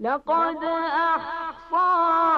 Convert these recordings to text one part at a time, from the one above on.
لقد أحصاهم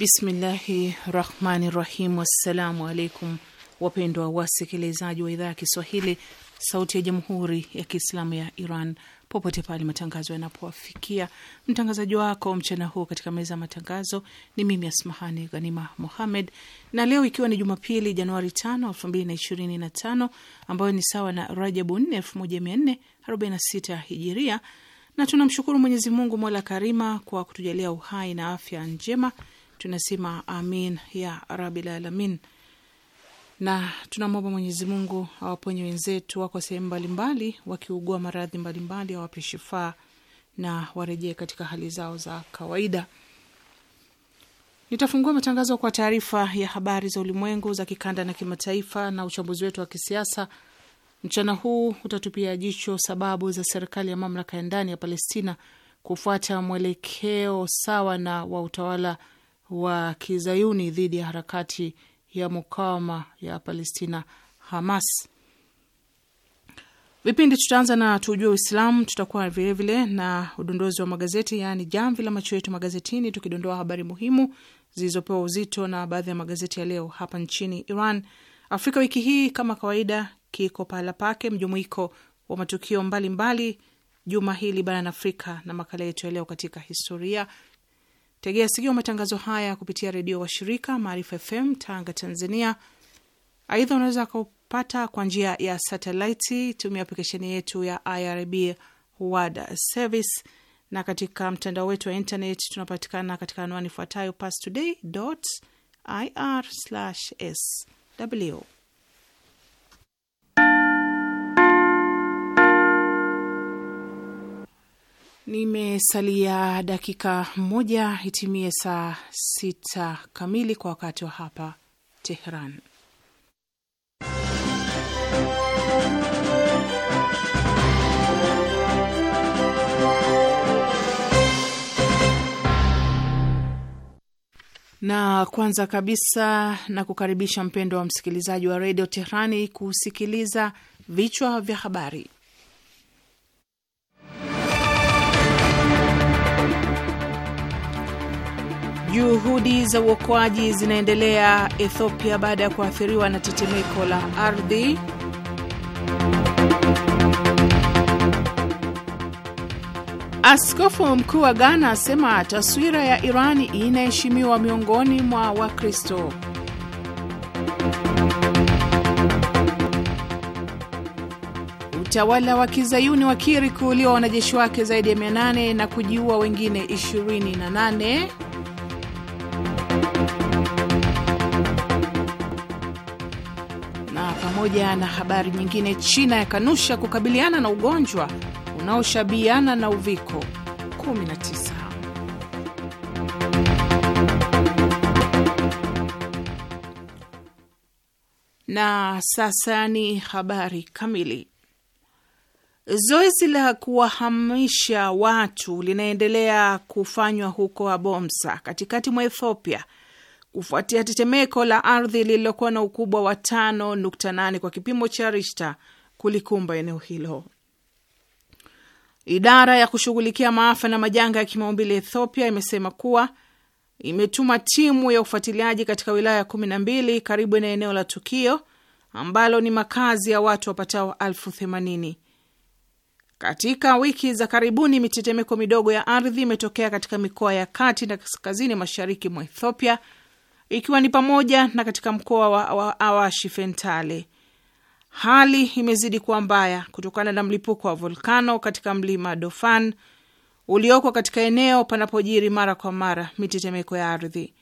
Bismillahi rahmani rahim. Wassalamu alaikum wapendwa wasikilizaji wa idhaa ya Kiswahili sauti ya jamhuri ya Kiislamu ya Iran popote pale matangazo yanapowafikia. Mtangazaji wako mchana huu katika meza ya matangazo ni mimi Asmahani Ghanima Mohamed, na leo ikiwa ni Jumapili Januari 5, 2025 ambayo ni sawa na Rajabu 4, 1446 hijiria, na tunamshukuru Mwenyezi Mungu mola karima kwa kutujalia uhai na afya njema tunasema amin ya rabil alamin, na tunamwomba Mwenyezi Mungu awaponye wenzetu wako sehemu mbalimbali wakiugua maradhi mbalimbali, awape shifaa na warejee katika hali zao za kawaida. Nitafungua matangazo kwa taarifa ya habari za ulimwengu za kikanda na kimataifa na uchambuzi wetu wa kisiasa mchana huu utatupia jicho sababu za serikali ya mamlaka ya ndani ya Palestina kufuata mwelekeo sawa na wa utawala wa kizayuni dhidi ya harakati ya mukawama ya Palestina, Hamas. Vipindi tutaanza na tujue Uislamu, tutakuwa vilevile na udondozi wa magazeti, yaani jamvi la macho yetu magazetini, tukidondoa habari muhimu zilizopewa uzito na baadhi ya magazeti ya leo hapa nchini Iran. Afrika wiki hii kama kawaida kiko pahala pake, mjumuiko wa matukio mbalimbali mbali, juma hili barani Afrika na makala yetu ya leo katika historia Tegea sikio matangazo haya kupitia redio washirika Maarifa FM Tanga, Tanzania. Aidha, unaweza kupata kwa njia ya satelaiti, tumia aplikesheni yetu ya irb World Service, na katika mtandao wetu wa intaneti tunapatikana katika anwani ifuatayo pastoday ir sw Nimesalia dakika moja itimie saa sita kamili kwa wakati wa hapa Tehran. Na kwanza kabisa na kukaribisha mpendo wa msikilizaji wa redio Tehrani kusikiliza vichwa vya habari. Juhudi za uokoaji zinaendelea Ethiopia baada ya kuathiriwa na tetemeko la ardhi. Askofu mkuu wa Ghana asema taswira ya iran inaheshimiwa miongoni mwa Wakristo. Utawala wa kizayuni wakiri kuuliwa wanajeshi wake zaidi ya 800 na kujiua wengine 28. Pamoja na habari nyingine, China yakanusha kukabiliana na ugonjwa unaoshabiana na uviko 19. Na sasa ni habari kamili. Zoezi la kuwahamisha watu linaendelea kufanywa huko Abomsa katikati mwa Ethiopia kufuatia tetemeko la ardhi lililokuwa na ukubwa wa 5.8 kwa kipimo cha Richter kulikumba eneo hilo. Idara ya kushughulikia maafa na majanga ya kimaumbili Ethiopia imesema kuwa imetuma timu ya ufuatiliaji katika wilaya 12 karibu na eneo la tukio ambalo ni makazi ya watu wapatao elfu themanini. Katika wiki za karibuni mitetemeko midogo ya ardhi imetokea katika mikoa ya kati na kaskazini mashariki mwa Ethiopia ikiwa ni pamoja na katika mkoa wa Awashi Fentale. Hali imezidi kuwa mbaya kutokana na mlipuko wa volkano katika mlima Dofan ulioko katika eneo panapojiri mara kwa mara mitetemeko ya ardhi.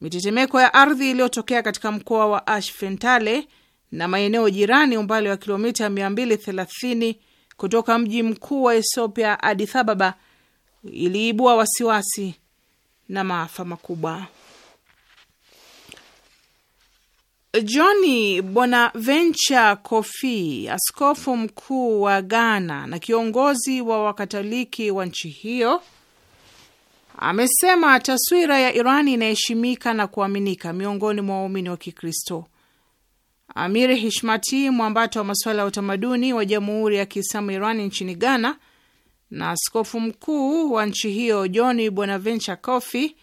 Mitetemeko ya ardhi iliyotokea katika mkoa wa Ash Fentale na maeneo jirani umbali wa kilomita 230 kutoka mji mkuu wa Ethiopia Addis Ababa iliibua wasiwasi na maafa makubwa. John Bonaventure Kofi, askofu mkuu wa Ghana na kiongozi wa Wakatoliki wa nchi hiyo, amesema taswira ya Irani inaheshimika na kuaminika miongoni mwa waumini wa Kikristo. Amir Hishmati, mwambato wa masuala ya utamaduni wa Jamhuri ya Kiislamu Irani nchini Ghana na askofu mkuu wa nchi hiyo John Bonaventure Kofi,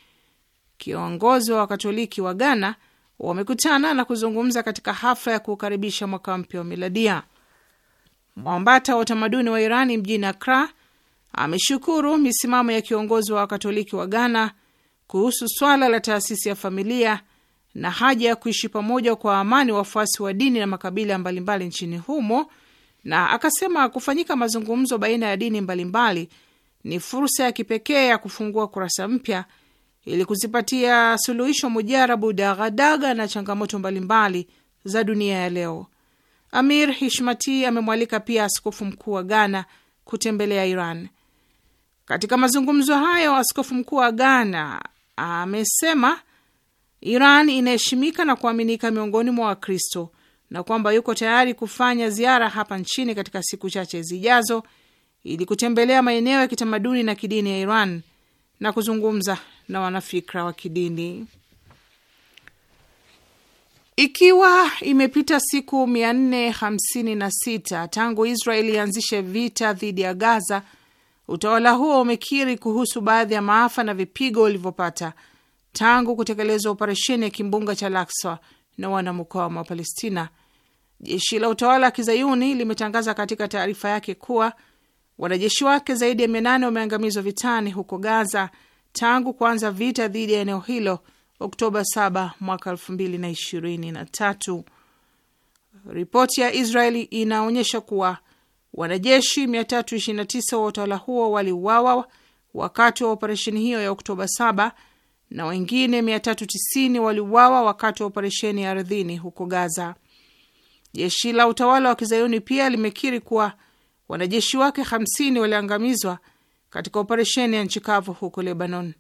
kiongozi wa Wakatoliki wa Ghana, wamekutana na kuzungumza katika hafla ya kuukaribisha mwaka mpya wa miladia. Mwambata wa utamaduni wa Irani mjini Akra ameshukuru misimamo ya kiongozi wa Wakatoliki wa Ghana kuhusu swala la taasisi ya familia na haja ya kuishi pamoja kwa amani wafuasi wa dini na makabila mbalimbali nchini humo, na akasema kufanyika mazungumzo baina ya dini mbalimbali ni fursa ya kipekee ya kufungua kurasa mpya ili kuzipatia suluhisho mujarabu dagadaga na changamoto mbalimbali za dunia ya leo. Amir Hishmati amemwalika pia askofu mkuu wa Ghana kutembelea Iran. Katika mazungumzo hayo, askofu mkuu wa Ghana amesema Iran inaheshimika na kuaminika miongoni mwa Wakristo na kwamba yuko tayari kufanya ziara hapa nchini katika siku chache zijazo ili kutembelea maeneo ya kitamaduni na kidini ya Iran na kuzungumza na wanafikra wa kidini. Ikiwa imepita siku 456 tangu Israeli ianzishe vita dhidi ya Gaza, utawala huo umekiri kuhusu baadhi ya maafa na vipigo ulivyopata tangu kutekelezwa operesheni ya kimbunga cha Al-Aqsa na wanamukawama wa Palestina. Jeshi la utawala wa kizayuni limetangaza katika taarifa yake kuwa Wanajeshi wake zaidi ya mia nane wameangamizwa vitani huko Gaza tangu kuanza vita dhidi ya eneo hilo Oktoba 7 mwaka 2023. Ripoti ya Israeli inaonyesha kuwa wanajeshi 329 wa utawala huo waliuawa wakati wa operesheni hiyo ya Oktoba 7 na wengine 390 waliuawa wakati wa operesheni ya ardhini huko Gaza. Jeshi la utawala wa kizayuni pia limekiri kuwa wanajeshi wake 50 waliangamizwa katika operesheni ya nchi kavu huko Lebanon,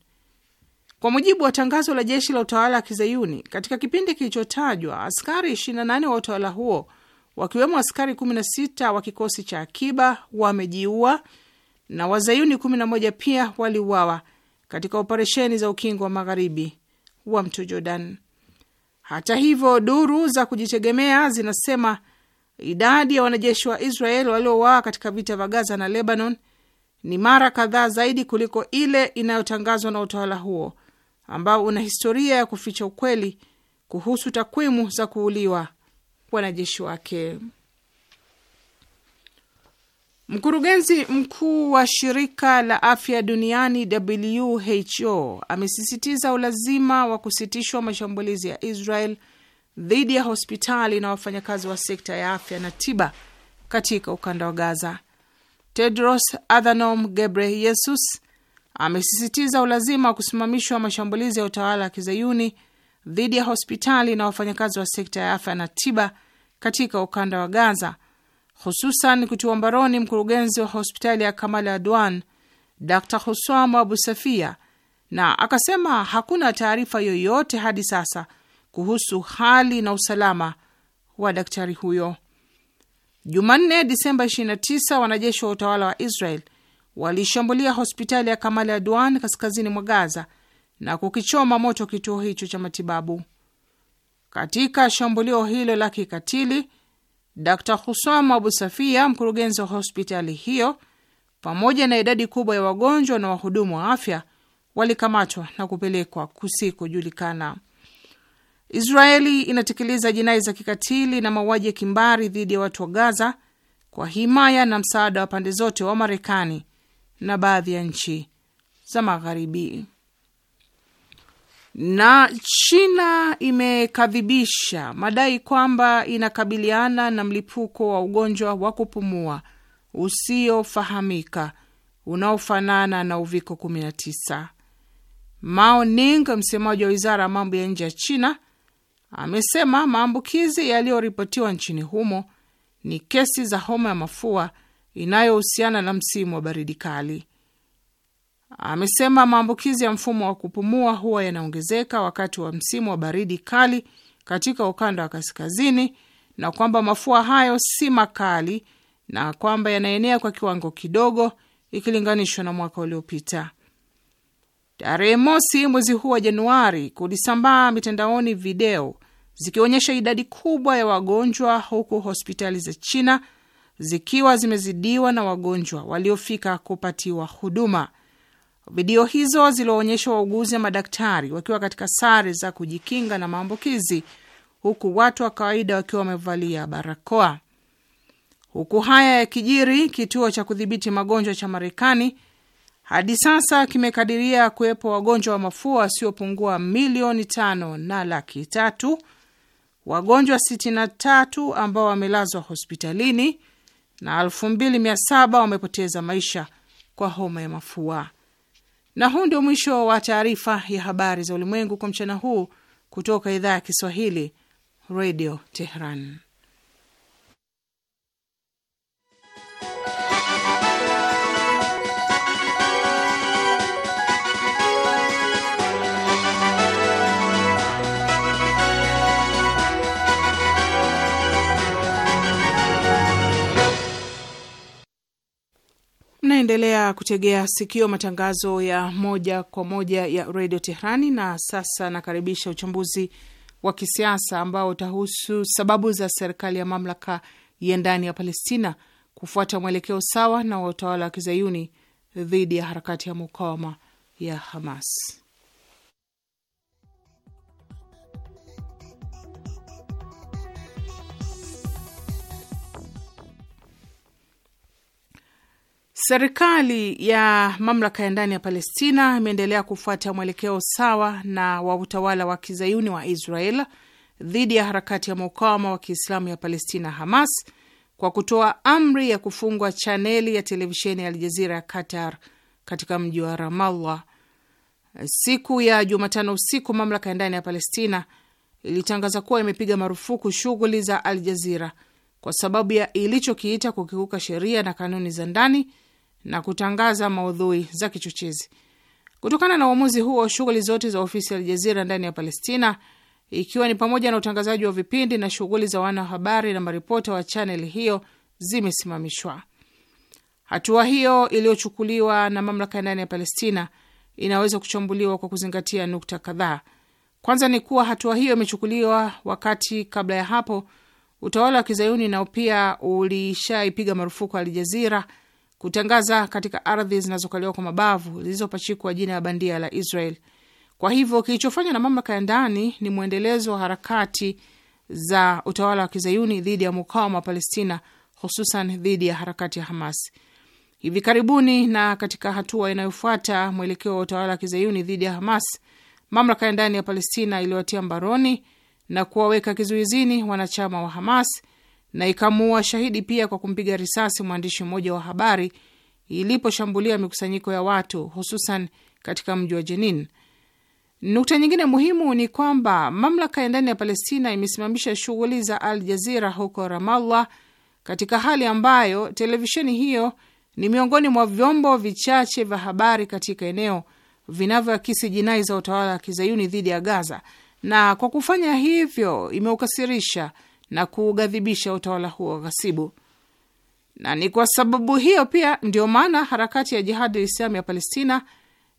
kwa mujibu wa tangazo la jeshi la utawala wa Kizayuni. Katika kipindi kilichotajwa, askari 28 wa utawala huo wakiwemo askari 16 wa kikosi cha akiba wamejiua na Wazayuni 11 pia waliuawa katika operesheni za ukingo wa magharibi wa mto Jordan. Hata hivyo, duru za kujitegemea zinasema Idadi ya wanajeshi wa Israel waliouawa katika vita vya Gaza na Lebanon ni mara kadhaa zaidi kuliko ile inayotangazwa na utawala huo ambao una historia ya kuficha ukweli kuhusu takwimu za kuuliwa wanajeshi wake. Mkurugenzi mkuu wa shirika la afya duniani WHO amesisitiza ulazima wa kusitishwa mashambulizi ya Israel dhidi ya hospitali na wafanyakazi wa sekta ya afya na tiba katika ukanda wa Gaza. Tedros Adhanom Ghebreyesus amesisitiza ulazima wa kusimamishwa mashambulizi ya utawala wa kizayuni dhidi ya hospitali na wafanyakazi wa sekta ya afya na tiba katika ukanda wa Gaza, hususan kutiwa mbaroni mkurugenzi wa hospitali ya Kamal Adwan Dr Husam Abu Safia, na akasema hakuna taarifa yoyote hadi sasa kuhusu hali na usalama wa daktari huyo. Jumanne, Disemba 29, wanajeshi wa utawala wa Israel walishambulia hospitali ya Kamal Adwan kaskazini mwa Gaza na kukichoma moto kituo hicho cha matibabu. Katika shambulio hilo la kikatili, Dr Husam Abu Safia, mkurugenzi wa hospitali hiyo, pamoja na idadi kubwa ya wagonjwa na wahudumu wa afya walikamatwa na kupelekwa kusikojulikana. Israeli inatekeleza jinai za kikatili na mauaji ya kimbari dhidi ya watu wa Gaza kwa himaya na msaada wa pande zote wa Marekani na baadhi ya nchi za Magharibi. Na China imekadhibisha madai kwamba inakabiliana na mlipuko wa ugonjwa wa kupumua usiofahamika unaofanana na uviko 19. Mao Ning, msemaji wa wizara ya mambo ya nje ya China, amesema maambukizi yaliyoripotiwa nchini humo ni kesi za homa ya mafua inayohusiana na msimu wa baridi kali. Amesema maambukizi ya mfumo wa kupumua huwa yanaongezeka wakati wa msimu wa baridi kali katika ukanda wa kaskazini, na kwamba mafua hayo si makali na kwamba yanaenea kwa kiwango kidogo ikilinganishwa na mwaka uliopita. Tarehe mosi mwezi huu wa Januari, kulisambaa mitandaoni video zikionyesha idadi kubwa ya wagonjwa, huku hospitali za China zikiwa zimezidiwa na wagonjwa waliofika kupatiwa huduma. Video hizo zilioonyesha wauguzi na madaktari wakiwa katika sare za kujikinga na maambukizi, huku watu wa kawaida wakiwa wamevalia barakoa. Huku haya ya kijiri, kituo cha kudhibiti magonjwa cha Marekani hadi sasa kimekadiria kuwepo wagonjwa wa mafua wasiopungua milioni tano na laki tatu wagonjwa 63 ambao wamelazwa hospitalini na 2700 wamepoteza maisha kwa homa ya mafua. Na huu ndio mwisho wa taarifa ya habari za ulimwengu kwa mchana huu kutoka idhaa ya Kiswahili, Radio Tehran. Mnaendelea kutegea sikio matangazo ya moja kwa moja ya redio Tehrani. Na sasa nakaribisha uchambuzi wa kisiasa ambao utahusu sababu za serikali ya mamlaka ya ndani ya Palestina kufuata mwelekeo sawa na wa utawala wa kizayuni dhidi ya harakati ya mukawama ya Hamas. Serikali ya mamlaka ya ndani ya Palestina imeendelea kufuata mwelekeo sawa na wa utawala wa kizayuni wa Israel dhidi ya harakati ya mukawama wa kiislamu ya Palestina, Hamas, kwa kutoa amri ya kufungwa chaneli ya televisheni ya Aljazira ya Qatar katika mji wa Ramallah. Siku ya Jumatano usiku, mamlaka ya ndani ya Palestina ilitangaza kuwa imepiga marufuku shughuli za Aljazira kwa sababu ya ilichokiita kukiuka sheria na kanuni za ndani na kutangaza maudhui za kichochezi. Kutokana na uamuzi huo, shughuli zote za ofisi ya Aljazira ndani ya Palestina, ikiwa ni pamoja na utangazaji wa vipindi na shughuli za wanahabari na maripota wa chanel hiyo zimesimamishwa. Hatua hiyo iliyochukuliwa na mamlaka ndani ya Palestina inaweza kuchambuliwa kwa kuzingatia nukta kadhaa. Kwanza ni kuwa hatua hiyo imechukuliwa wakati kabla ya hapo utawala wa kizayuni nao pia ulishaipiga marufuku Aljazira kutangaza katika ardhi zinazokaliwa kwa mabavu zilizopachikwa jina ya bandia la Israel. Kwa hivyo kilichofanywa na mamlaka ya ndani ni mwendelezo wa harakati za utawala wa kizayuni dhidi ya mukawama wa Palestina, hususan dhidi ya harakati ya Hamas. Hivi karibuni na katika hatua inayofuata mwelekeo wa utawala wa kizayuni dhidi ya Hamas, mamlaka ya ndani ya Palestina iliwatia mbaroni na kuwaweka kizuizini wanachama wa Hamas na ikamuua shahidi pia kwa kumpiga risasi mwandishi mmoja wa habari iliposhambulia mikusanyiko ya watu hususan katika mji wa Jenin. Nukta nyingine muhimu ni kwamba mamlaka ya ndani ya Palestina imesimamisha shughuli za Al Jazira huko Ramallah, katika hali ambayo televisheni hiyo ni miongoni mwa vyombo vichache vya habari katika eneo vinavyoakisi jinai za utawala wa kizayuni dhidi ya Gaza, na kwa kufanya hivyo imeukasirisha na kuugadhibisha utawala huo ghasibu, na ni kwa sababu hiyo pia ndio maana harakati ya Jihadi islami ya Palestina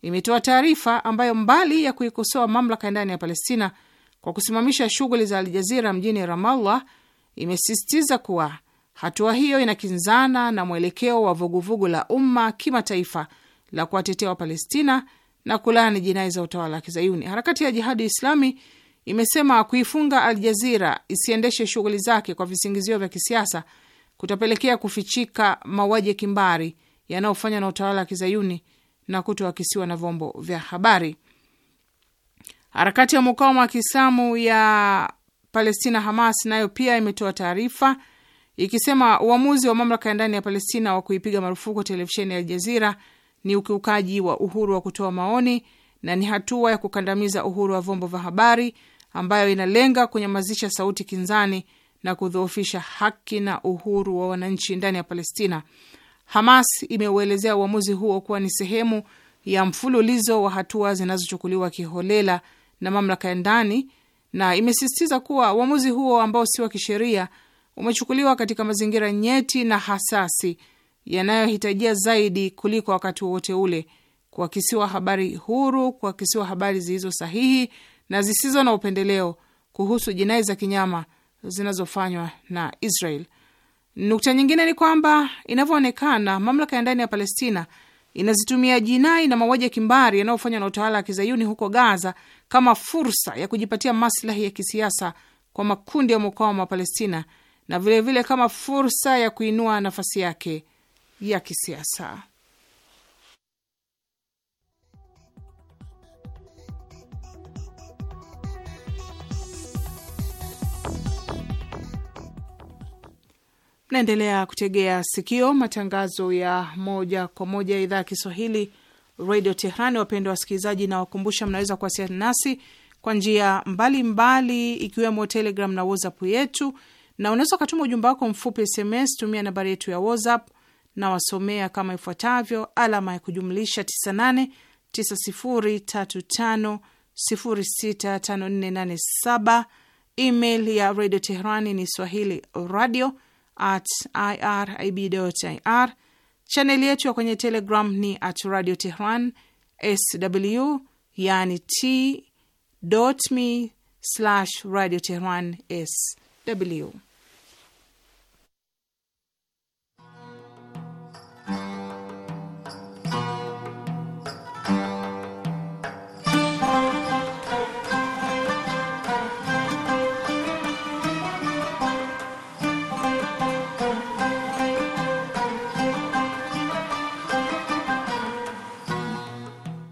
imetoa taarifa ambayo mbali ya kuikosoa mamlaka ndani ya Palestina kwa kusimamisha shughuli za Aljazira mjini Ramallah, imesisitiza kuwa hatua hiyo inakinzana na mwelekeo wa vuguvugu la umma kimataifa la kuwatetea Wapalestina na kulaani jinai za utawala wa Kizayuni. Harakati ya Jihadi Islami imesema kuifunga Al Jazira isiendeshe shughuli zake kwa visingizio vya kisiasa kutapelekea kufichika mauaji ya kimbari yanayofanywa na utawala wa kizayuni na kutoakisiwa na vyombo vya habari. Harakati ya mukawama wa kiislamu ya Palestina, Hamas, nayo pia imetoa taarifa ikisema uamuzi wa mamlaka ya ndani ya Palestina wa kuipiga marufuku televisheni ya Aljazira ni ukiukaji wa uhuru wa kutoa maoni na ni hatua ya kukandamiza uhuru wa vyombo vya habari ambayo inalenga kunyamazisha sauti kinzani na kudhoofisha haki na uhuru wa wananchi ndani ya Palestina. Hamas imeuelezea uamuzi huo kuwa ni sehemu ya mfululizo wa hatua zinazochukuliwa kiholela na mamlaka ya ndani na imesisitiza kuwa uamuzi huo ambao si wa kisheria umechukuliwa katika mazingira nyeti na hasasi yanayohitajia zaidi kuliko wakati wowote ule kuakisiwa habari huru, kuakisiwa habari zilizo sahihi na zisizo na upendeleo kuhusu jinai za kinyama zinazofanywa na Israel. Nukta nyingine ni kwamba inavyoonekana, mamlaka ya ndani ya Palestina inazitumia jinai na mauaji ya kimbari yanayofanywa na utawala wa kizayuni huko Gaza kama fursa ya kujipatia maslahi ya kisiasa kwa makundi ya mukawama wa Palestina na vilevile vile kama fursa ya kuinua nafasi yake ya kisiasa. Mnaendelea kutegea sikio matangazo ya moja kwa moja ya idhaa ya Kiswahili redio Tehrani. Wapendwa wasikilizaji, na wakumbusha mnaweza kuwasiliana nasi kwa njia mbalimbali ikiwemo Telegram na WhatsApp yetu, na unaweza ukatuma ujumbe wako mfupi SMS, tumia nambari yetu ya WhatsApp na wasomea kama ifuatavyo: alama ya kujumlisha 98 9035 Email ya redio Tehrani ni swahili radio at irib.ir. Chaneli yetu ya kwenye Telegram ni at Radio Tehran sw, yani t.me slash Radio Tehran sw.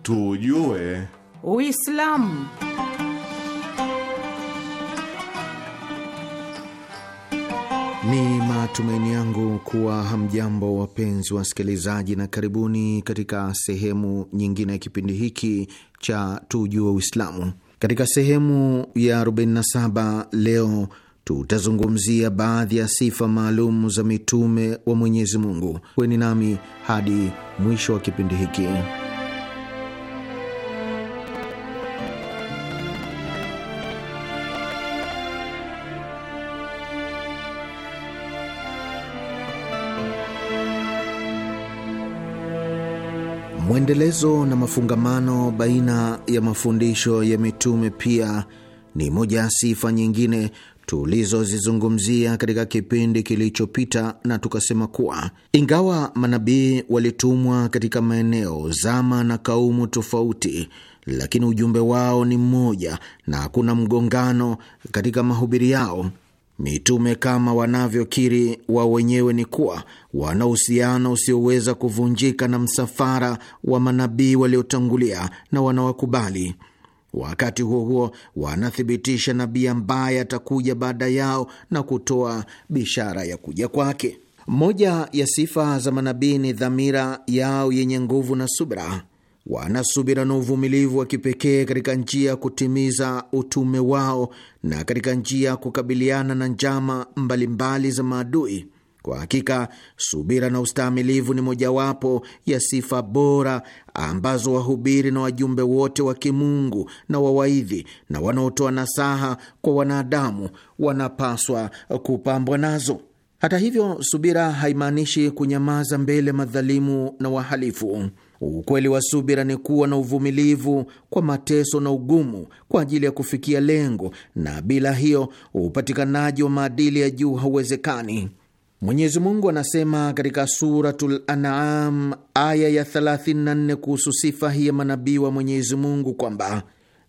tujue Uislamu. Ni matumaini yangu kuwa hamjambo wapenzi wasikilizaji, na karibuni katika sehemu nyingine ya kipindi hiki cha tujue Uislamu. Katika sehemu ya 47 leo tutazungumzia baadhi ya sifa maalum za mitume wa Mwenyezi Mungu. Kweni nami hadi mwisho wa kipindi hiki. Mwendelezo na mafungamano baina ya mafundisho ya mitume pia ni moja ya sifa nyingine tulizozizungumzia katika kipindi kilichopita, na tukasema kuwa ingawa manabii walitumwa katika maeneo, zama na kaumu tofauti, lakini ujumbe wao ni mmoja na hakuna mgongano katika mahubiri yao. Mitume kama wanavyokiri wao wenyewe ni kuwa wana uhusiano usioweza kuvunjika na msafara wa manabii waliotangulia na wanawakubali. Wakati huo huo, wanathibitisha nabii ambaye atakuja baada yao na kutoa bishara ya kuja kwake. Moja ya sifa za manabii ni dhamira yao yenye nguvu na subra wana subira na uvumilivu wa kipekee katika njia ya kutimiza utume wao na katika njia ya kukabiliana na njama mbalimbali mbali za maadui. Kwa hakika subira na ustaamilivu ni mojawapo ya sifa bora ambazo wahubiri na wajumbe wote wa kimungu na wawaidhi na wanaotoa nasaha kwa wanadamu wanapaswa kupambwa nazo. Hata hivyo, subira haimaanishi kunyamaza mbele madhalimu na wahalifu. Ukweli wa subira ni kuwa na uvumilivu kwa mateso na ugumu kwa ajili ya kufikia lengo, na bila hiyo upatikanaji wa maadili ya juu hauwezekani. Mwenyezi Mungu anasema katika Suratul An'am aya ya 34 kuhusu sifa hii ya manabii wa Mwenyezi Mungu kwamba,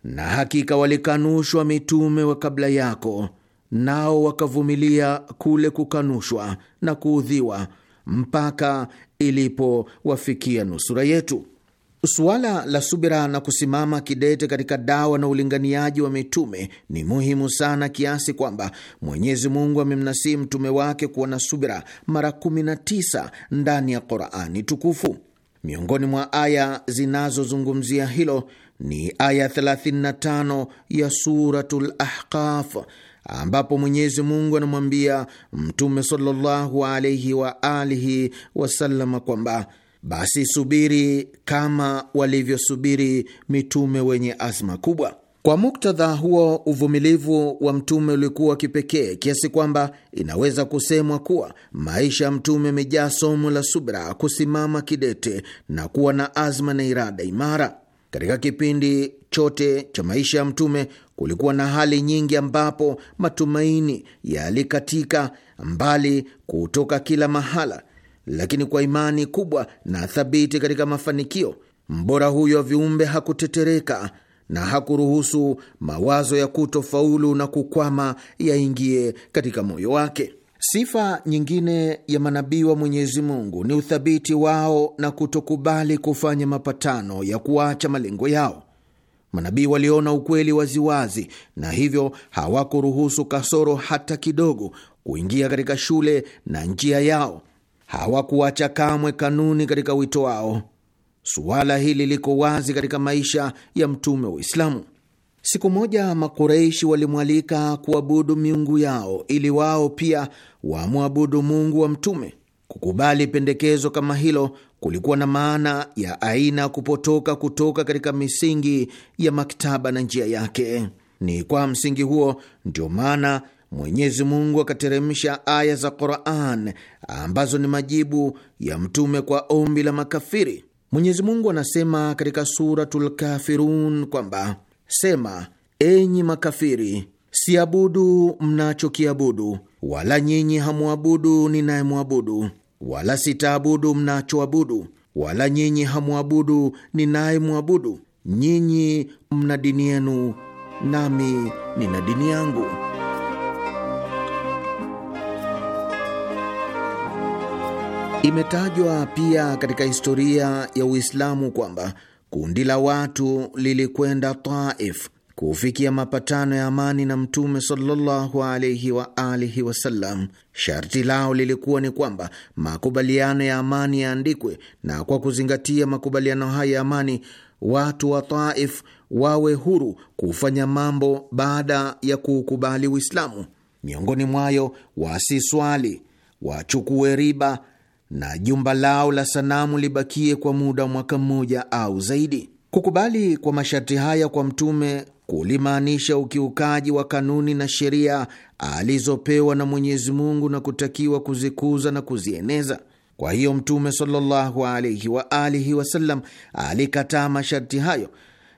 na hakika walikanushwa mitume wa kabla yako, nao wakavumilia kule kukanushwa na kuudhiwa mpaka ilipowafikia nusura yetu. Suala la subira na kusimama kidete katika dawa na ulinganiaji wa mitume ni muhimu sana kiasi kwamba Mwenyezi Mungu amemnasii mtume wake kuwa na subira mara 19 ndani ya Qurani tukufu. Miongoni mwa aya zinazozungumzia hilo ni aya 35 ya Suratul Ahqaf ambapo Mwenyezi Mungu anamwambia Mtume sallallahu alaihi wa alihi kwamba basi subiri kama walivyosubiri mitume wenye azma kubwa. Kwa muktadha huo, uvumilivu wa mtume ulikuwa kipekee kiasi kwamba inaweza kusemwa kuwa maisha ya mtume yamejaa somo la subra, kusimama kidete na kuwa na azma na irada imara. Katika kipindi chote cha maisha ya mtume Kulikuwa na hali nyingi ambapo matumaini yalikatika mbali kutoka kila mahala, lakini kwa imani kubwa na thabiti katika mafanikio, mbora huyo wa viumbe hakutetereka na hakuruhusu mawazo ya kutofaulu na kukwama yaingie katika moyo wake. Sifa nyingine ya manabii wa Mwenyezi Mungu ni uthabiti wao na kutokubali kufanya mapatano ya kuacha malengo yao. Manabii waliona ukweli waziwazi, na hivyo hawakuruhusu kasoro hata kidogo kuingia katika shule na njia yao. Hawakuacha kamwe kanuni katika wito wao. Suala hili liko wazi katika maisha ya mtume wa Uislamu. Siku moja Makureishi walimwalika kuabudu miungu yao ili wao pia wamwabudu Mungu wa Mtume. Kukubali pendekezo kama hilo kulikuwa na maana ya aina kupotoka kutoka katika misingi ya maktaba na njia yake. Ni kwa msingi huo ndio maana Mwenyezi Mungu akateremsha aya za Qur'an ambazo ni majibu ya mtume kwa ombi la makafiri. Mwenyezi Mungu anasema katika Suratul Kafirun kwamba sema, enyi makafiri, siabudu mnachokiabudu, wala nyinyi hamwabudu ninayemwabudu wala sitaabudu mnachoabudu, wala nyinyi hamwabudu ninayemwabudu. Nyinyi mna dini yenu, nami nina dini yangu. Imetajwa pia katika historia ya Uislamu kwamba kundi la watu lilikwenda Taif kufikia mapatano ya amani na Mtume sallallahu alaihi wa alihi wasallam, sharti lao lilikuwa ni kwamba makubaliano ya amani yaandikwe, na kwa kuzingatia makubaliano hayo ya amani watu wa Taif wawe huru kufanya mambo baada ya kuukubali Uislamu. Miongoni mwayo wasiswali, wachukue riba na jumba lao la sanamu libakie kwa muda wa mwaka mmoja au zaidi. Kukubali kwa masharti haya kwa Mtume kulimaanisha ukiukaji wa kanuni na sheria alizopewa na Mwenyezi Mungu na kutakiwa kuzikuza na kuzieneza. Kwa hiyo Mtume sallallahu alaihi wa alihi wasallam alikataa masharti hayo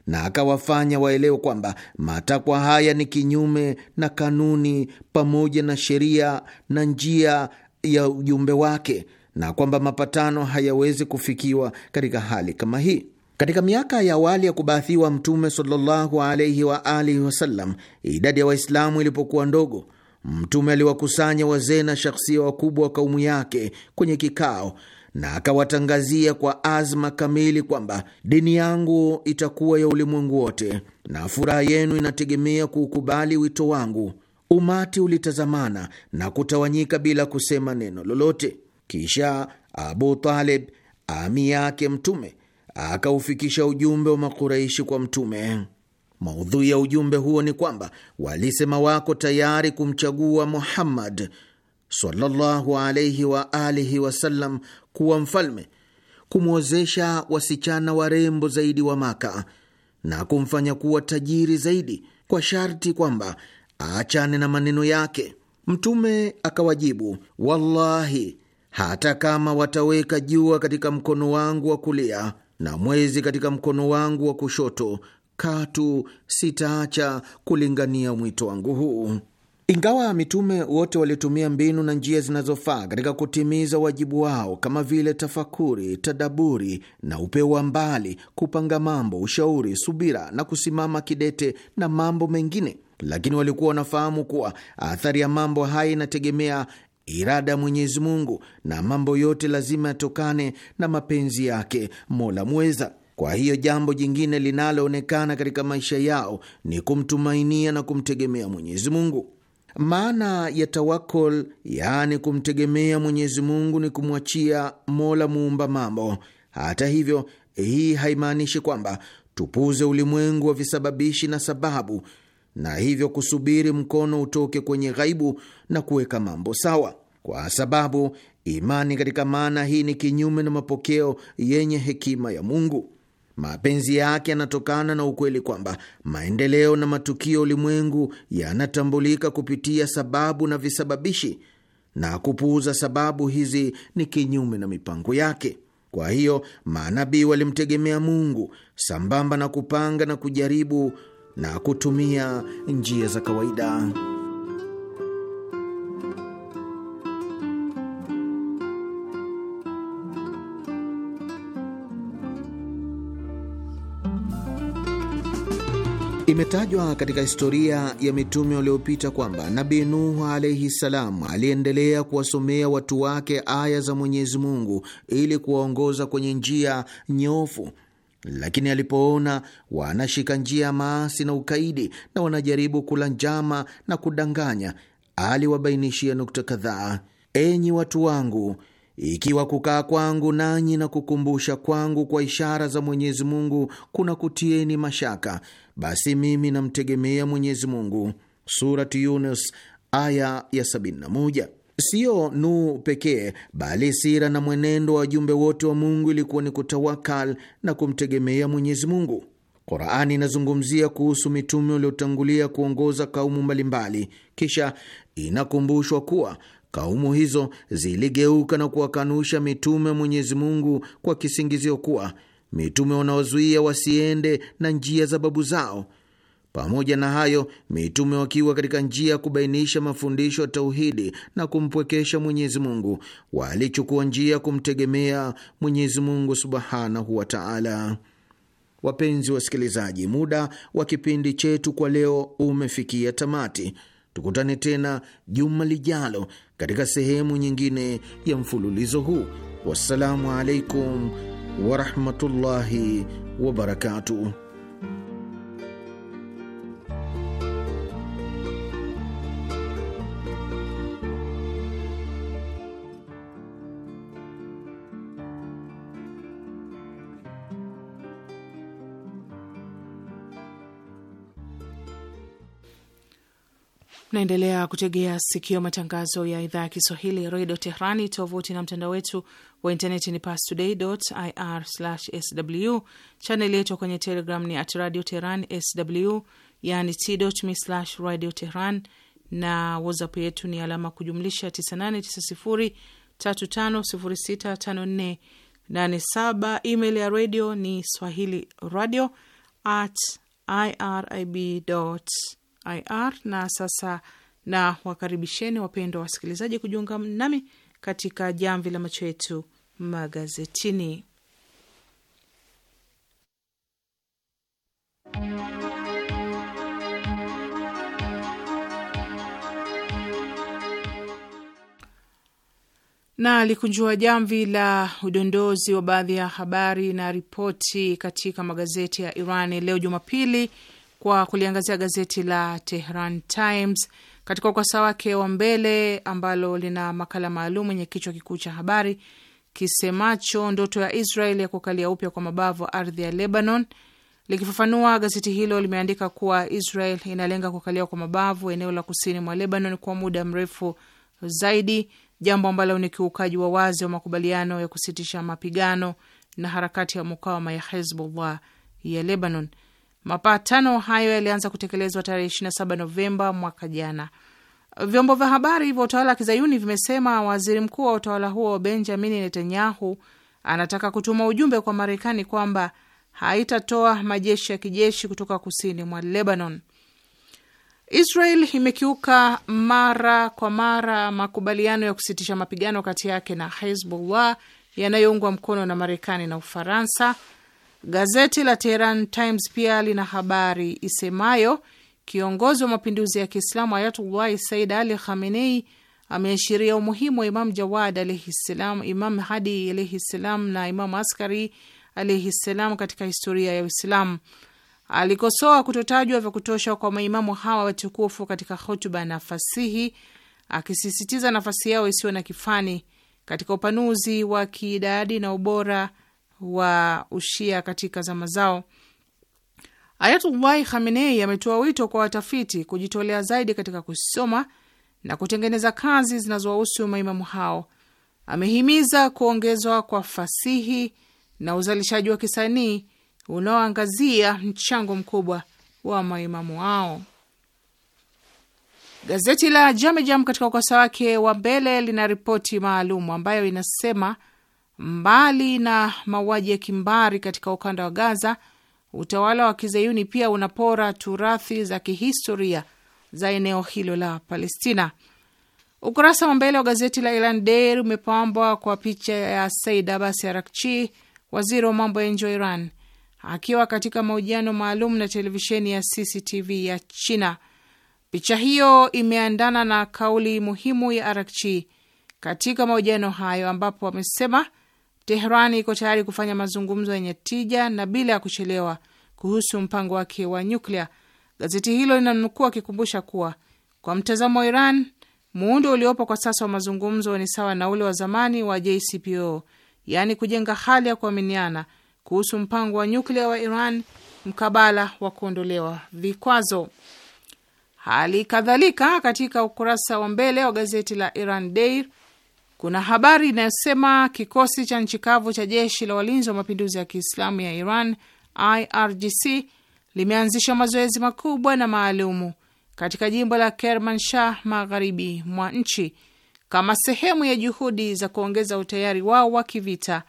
na akawafanya waelewe kwamba matakwa haya ni kinyume na kanuni pamoja na sheria na njia ya ujumbe wake na kwamba mapatano hayawezi kufikiwa katika hali kama hii. Katika miaka ya awali ya kubaathiwa Mtume sallallahu alaihi wa alihi wasallam, idadi ya Waislamu ilipokuwa ndogo, Mtume aliwakusanya wazee na shakhsia wakubwa wa kaumu yake kwenye kikao na akawatangazia kwa azma kamili kwamba dini yangu itakuwa ya ulimwengu wote na furaha yenu inategemea kuukubali wito wangu. Umati ulitazamana na kutawanyika bila kusema neno lolote. Kisha Abu Talib ami yake Mtume akaufikisha ujumbe wa Makuraishi kwa Mtume. Maudhui ya ujumbe huo ni kwamba walisema wako tayari kumchagua Muhammad sallallahu alaihi wa alihi wasallam kuwa mfalme, kumwozesha wasichana warembo zaidi wa Maka na kumfanya kuwa tajiri zaidi, kwa sharti kwamba aachane na maneno yake. Mtume akawajibu, wallahi, hata kama wataweka jua katika mkono wangu wa kulia na mwezi katika mkono wangu wa kushoto, katu sitaacha kulingania mwito wangu huu. Ingawa mitume wote walitumia mbinu na njia zinazofaa katika kutimiza wajibu wao kama vile tafakuri, tadaburi na upeo wa mbali, kupanga mambo, ushauri, subira na kusimama kidete na mambo mengine, lakini walikuwa wanafahamu kuwa athari ya mambo haya inategemea irada ya Mwenyezi Mungu, na mambo yote lazima yatokane na mapenzi yake Mola Mweza. Kwa hiyo jambo jingine linaloonekana katika maisha yao ni kumtumainia na kumtegemea Mwenyezi Mungu. Maana ya tawakol, yaani kumtegemea Mwenyezi Mungu, ni kumwachia Mola muumba mambo. Hata hivyo, hii haimaanishi kwamba tupuze ulimwengu wa visababishi na sababu na hivyo kusubiri mkono utoke kwenye ghaibu na kuweka mambo sawa, kwa sababu imani katika maana hii ni kinyume na mapokeo yenye hekima ya Mungu. Mapenzi yake yanatokana na ukweli kwamba maendeleo na matukio ulimwengu yanatambulika kupitia sababu na visababishi, na kupuuza sababu hizi ni kinyume na mipango yake. Kwa hiyo manabii walimtegemea Mungu sambamba na kupanga na kujaribu na kutumia njia za kawaida. Imetajwa katika historia ya mitume waliopita kwamba Nabii Nuhu alaihi salam aliendelea kuwasomea watu wake aya za Mwenyezi Mungu ili kuwaongoza kwenye njia nyofu lakini alipoona wanashika njia ya maasi na ukaidi na wanajaribu kula njama na kudanganya, aliwabainishia nukta kadhaa: enyi watu wangu, ikiwa kukaa kwangu nanyi na kukumbusha kwangu kwa ishara za Mwenyezi Mungu kuna kutieni mashaka, basi mimi namtegemea Mwenyezi Mungu. Yunus aya ya 71. Siyo Nuhu pekee, bali sira na mwenendo wa wajumbe wote wa Mungu ilikuwa ni kutawakal na kumtegemea Mwenyezi Mungu. Qurani inazungumzia kuhusu mitume waliotangulia kuongoza kaumu mbalimbali, kisha inakumbushwa kuwa kaumu hizo ziligeuka na kuwakanusha mitume Mwenyezi Mungu kwa kisingizio kuwa mitume wanaozuia wasiende na njia za babu zao pamoja na hayo, mitume wakiwa katika njia ya kubainisha mafundisho ya tauhidi na kumpwekesha Mwenyezi Mungu, walichukua njia ya kumtegemea Mwenyezi Mungu subhanahu wa taala. Wapenzi wasikilizaji, muda wa kipindi chetu kwa leo umefikia tamati. Tukutane tena juma lijalo katika sehemu nyingine ya mfululizo huu. Wassalamu alaikum warahmatullahi wabarakatuh. Naendelea kutegea sikio matangazo ya idhaa ya Kiswahili redio Tehrani. Tovuti na mtandao wetu wa intaneti ni pastoday.ir/sw. Chaneli yetu kwenye Telegram ni at radio tehran sw, yani t.me radio tehran, na whatsapp yetu ni alama kujumlisha 989035065487. Email ya redio ni swahili radio at irib ir. Na sasa na wakaribisheni wapendwa wasikilizaji kujiunga nami katika jamvi la macho yetu magazetini. na likunjua jamvi la udondozi wa baadhi ya habari na ripoti katika magazeti ya Iran leo Jumapili kwa kuliangazia gazeti la Tehran Times katika ukurasa wake wa mbele ambalo lina makala maalum yenye kichwa kikuu cha habari kisemacho ndoto ya Israel ya kukalia upya kwa mabavu ardhi ya Lebanon. Likifafanua, gazeti hilo limeandika kuwa Israel inalenga kukalia kwa mabavu eneo la kusini mwa Lebanon kwa muda mrefu zaidi, jambo ambalo ni kiukaji wa wazi wa makubaliano ya kusitisha mapigano na harakati ya mukawama ya Hezbollah ya Lebanon. Mapatano hayo yalianza kutekelezwa tarehe 27 Novemba mwaka jana. Vyombo vya habari hivyo utawala wa kizayuni vimesema waziri mkuu wa utawala huo Benjamini Netanyahu anataka kutuma ujumbe kwa Marekani kwamba haitatoa majeshi ya kijeshi kutoka kusini mwa Lebanon. Israel imekiuka mara kwa mara makubaliano ya kusitisha mapigano kati yake na Hezbollah yanayoungwa mkono na Marekani na Ufaransa Gazeti la Teheran Times pia lina habari isemayo kiongozi wa mapinduzi ya Kiislamu Ayatullahi Said Ali Khamenei ameashiria umuhimu wa Imam Jawad alaihi ssalam, Imam Hadi alaihi ssalam na Imam Askari alaihi ssalam katika historia ya Uislamu. Alikosoa kutotajwa vya kutosha kwa maimamu hawa watukufu katika hotuba na fasihi, akisisitiza nafasi yao isiyo na kifani katika upanuzi wa kiidadi na ubora wa ushia katika zama zao. Ayatullahi Khamenei ametoa wito kwa watafiti kujitolea zaidi katika kusoma na kutengeneza kazi zinazowahusu maimamu hao. Amehimiza kuongezwa kwa fasihi na uzalishaji wa kisanii unaoangazia mchango mkubwa wa maimamu hao. Gazeti la Jamejam katika ukurasa wake wa mbele lina ripoti maalum ambayo inasema Mbali na mauaji ya kimbari katika ukanda wa Gaza, utawala wa kizayuni pia unapora turathi za kihistoria za eneo hilo la Palestina. Ukurasa wa mbele wa gazeti la Iran Daily umepambwa kwa picha ya Said Abbas Arakchi, waziri wa mambo ya nje wa Iran, akiwa katika mahojiano maalum na televisheni ya CCTV ya China. Picha hiyo imeandana na kauli muhimu ya Arakchi katika mahojiano hayo, ambapo amesema Tehran iko tayari kufanya mazungumzo yenye tija na bila ya kuchelewa kuhusu mpango wake wa nyuklia. Gazeti hilo linanukuu akikumbusha kuwa kwa mtazamo wa Iran, muundo uliopo kwa sasa wa mazungumzo ni sawa na ule wa zamani wa JCPO, yaani kujenga hali ya kuaminiana kuhusu mpango wa nyuklia wa Iran mkabala wa kuondolewa vikwazo. Hali kadhalika, katika ukurasa wa mbele wa gazeti la Iran Dair kuna habari inayosema kikosi cha nchi kavu cha jeshi la walinzi wa mapinduzi ya Kiislamu ya Iran IRGC limeanzisha mazoezi makubwa na maalumu katika jimbo la Kermanshah magharibi mwa nchi kama sehemu ya juhudi za kuongeza utayari wao wa kivita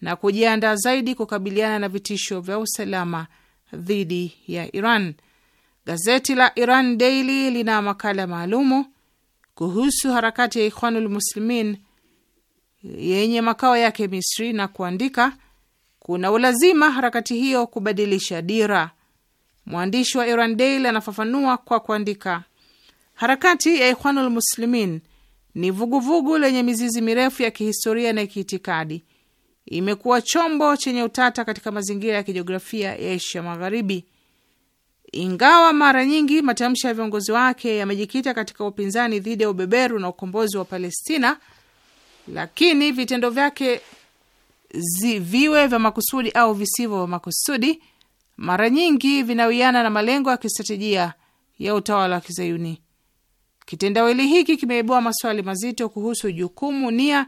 na kujiandaa zaidi kukabiliana na vitisho vya usalama dhidi ya Iran. Gazeti la Iran Daily lina makala maalumu kuhusu harakati ya Ikhwanul Muslimin yenye makao yake Misri na kuandika, kuna ulazima harakati hiyo kubadilisha dira. Mwandishi wa Iran Daily anafafanua kwa kuandika, harakati ya Ikhwanul Muslimin ni vuguvugu vugu lenye mizizi mirefu ya kihistoria na kiitikadi. Imekuwa chombo chenye utata katika mazingira ya kijiografia ya Asia Magharibi, ingawa mara nyingi matamshi ya viongozi wake yamejikita katika upinzani dhidi ya ubeberu na ukombozi wa Palestina lakini vitendo vyake viwe vya makusudi au visivyo vya makusudi, mara nyingi vinawiana na malengo ya kistratejia ya utawala wa Kizayuni. Kitendawili hiki kimeibua maswali mazito kuhusu jukumu, nia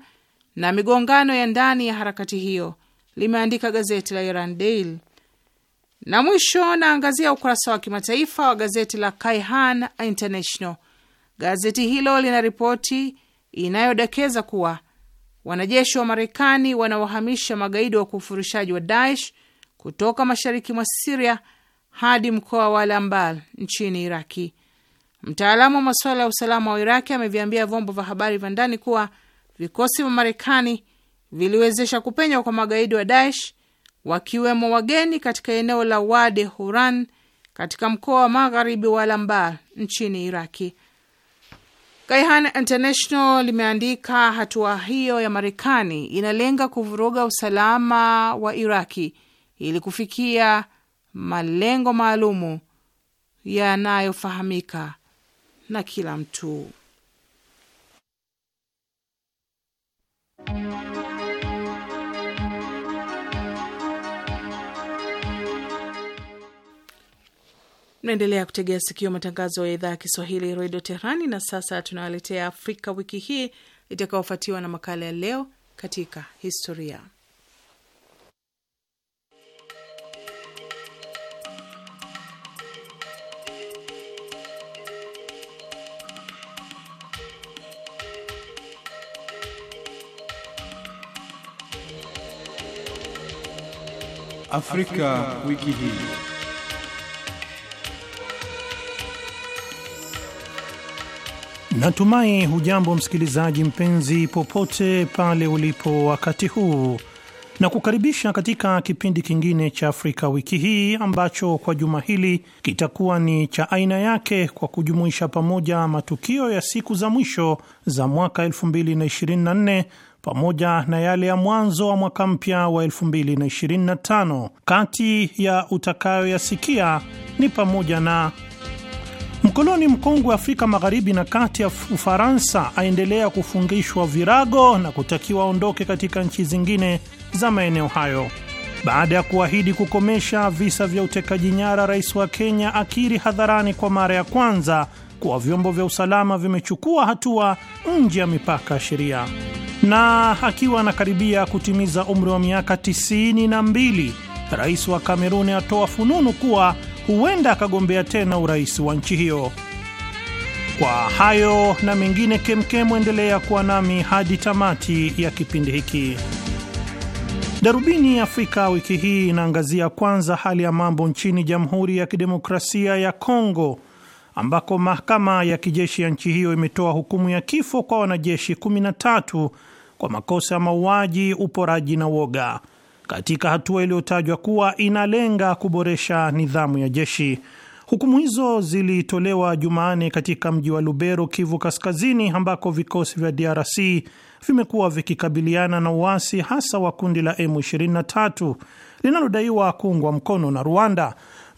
na migongano ya ndani ya harakati hiyo, limeandika gazeti la Iran Daily. Na mwisho naangazia ukurasa wa kimataifa wa gazeti la Kaihan International. Gazeti hilo lina ripoti inayodokeza kuwa wanajeshi wa Marekani wanawahamisha magaidi wa kufurishaji wa Daesh kutoka mashariki mwa Siria hadi mkoa wa lambal nchini Iraki. Mtaalamu wa masuala ya usalama wa Iraki ameviambia vyombo vya habari vya ndani kuwa vikosi vya Marekani viliwezesha kupenya kwa magaidi wa Daesh wakiwemo wageni katika eneo la Wadi Huran katika mkoa wa magharibi wa lambal nchini Iraki. Kaihan International limeandika hatua hiyo ya Marekani inalenga kuvuruga usalama wa Iraki ili kufikia malengo maalumu yanayofahamika na kila mtu. Mnaendelea kutegea sikio matangazo ya idhaa ya Kiswahili redio tehrani Na sasa tunawaletea Afrika wiki hii itakayofuatiwa na makala ya leo katika historia. Afrika, Afrika wiki hii. Natumai hujambo msikilizaji mpenzi, popote pale ulipo wakati huu, na kukaribisha katika kipindi kingine cha Afrika wiki hii ambacho kwa juma hili kitakuwa ni cha aina yake kwa kujumuisha pamoja matukio ya siku za mwisho za mwaka 2024 pamoja na yale ya mwanzo wa mwaka mpya wa 2025. Kati ya utakayoyasikia ni pamoja na Mkoloni mkongwe Afrika Magharibi na kati ya Ufaransa aendelea kufungishwa virago na kutakiwa aondoke katika nchi zingine za maeneo hayo. Baada ya kuahidi kukomesha visa vya utekaji nyara, rais wa Kenya akiri hadharani kwa mara ya kwanza kuwa vyombo vya usalama vimechukua hatua nje ya mipaka ya sheria. Na akiwa anakaribia kutimiza umri wa miaka 92, rais wa Kameruni atoa fununu kuwa huenda akagombea tena urais wa nchi hiyo. Kwa hayo na mengine kemkem, endelea kuwa nami hadi tamati ya kipindi hiki. Darubini Afrika wiki hii inaangazia kwanza hali ya mambo nchini Jamhuri ya Kidemokrasia ya Kongo ambako mahakama ya kijeshi ya nchi hiyo imetoa hukumu ya kifo kwa wanajeshi 13 kwa makosa ya mauaji, uporaji na woga katika hatua iliyotajwa kuwa inalenga kuboresha nidhamu ya jeshi. Hukumu hizo zilitolewa jumaane katika mji wa Lubero, Kivu Kaskazini, ambako vikosi vya DRC vimekuwa vikikabiliana na uasi hasa wa kundi la M23 linalodaiwa kuungwa mkono na Rwanda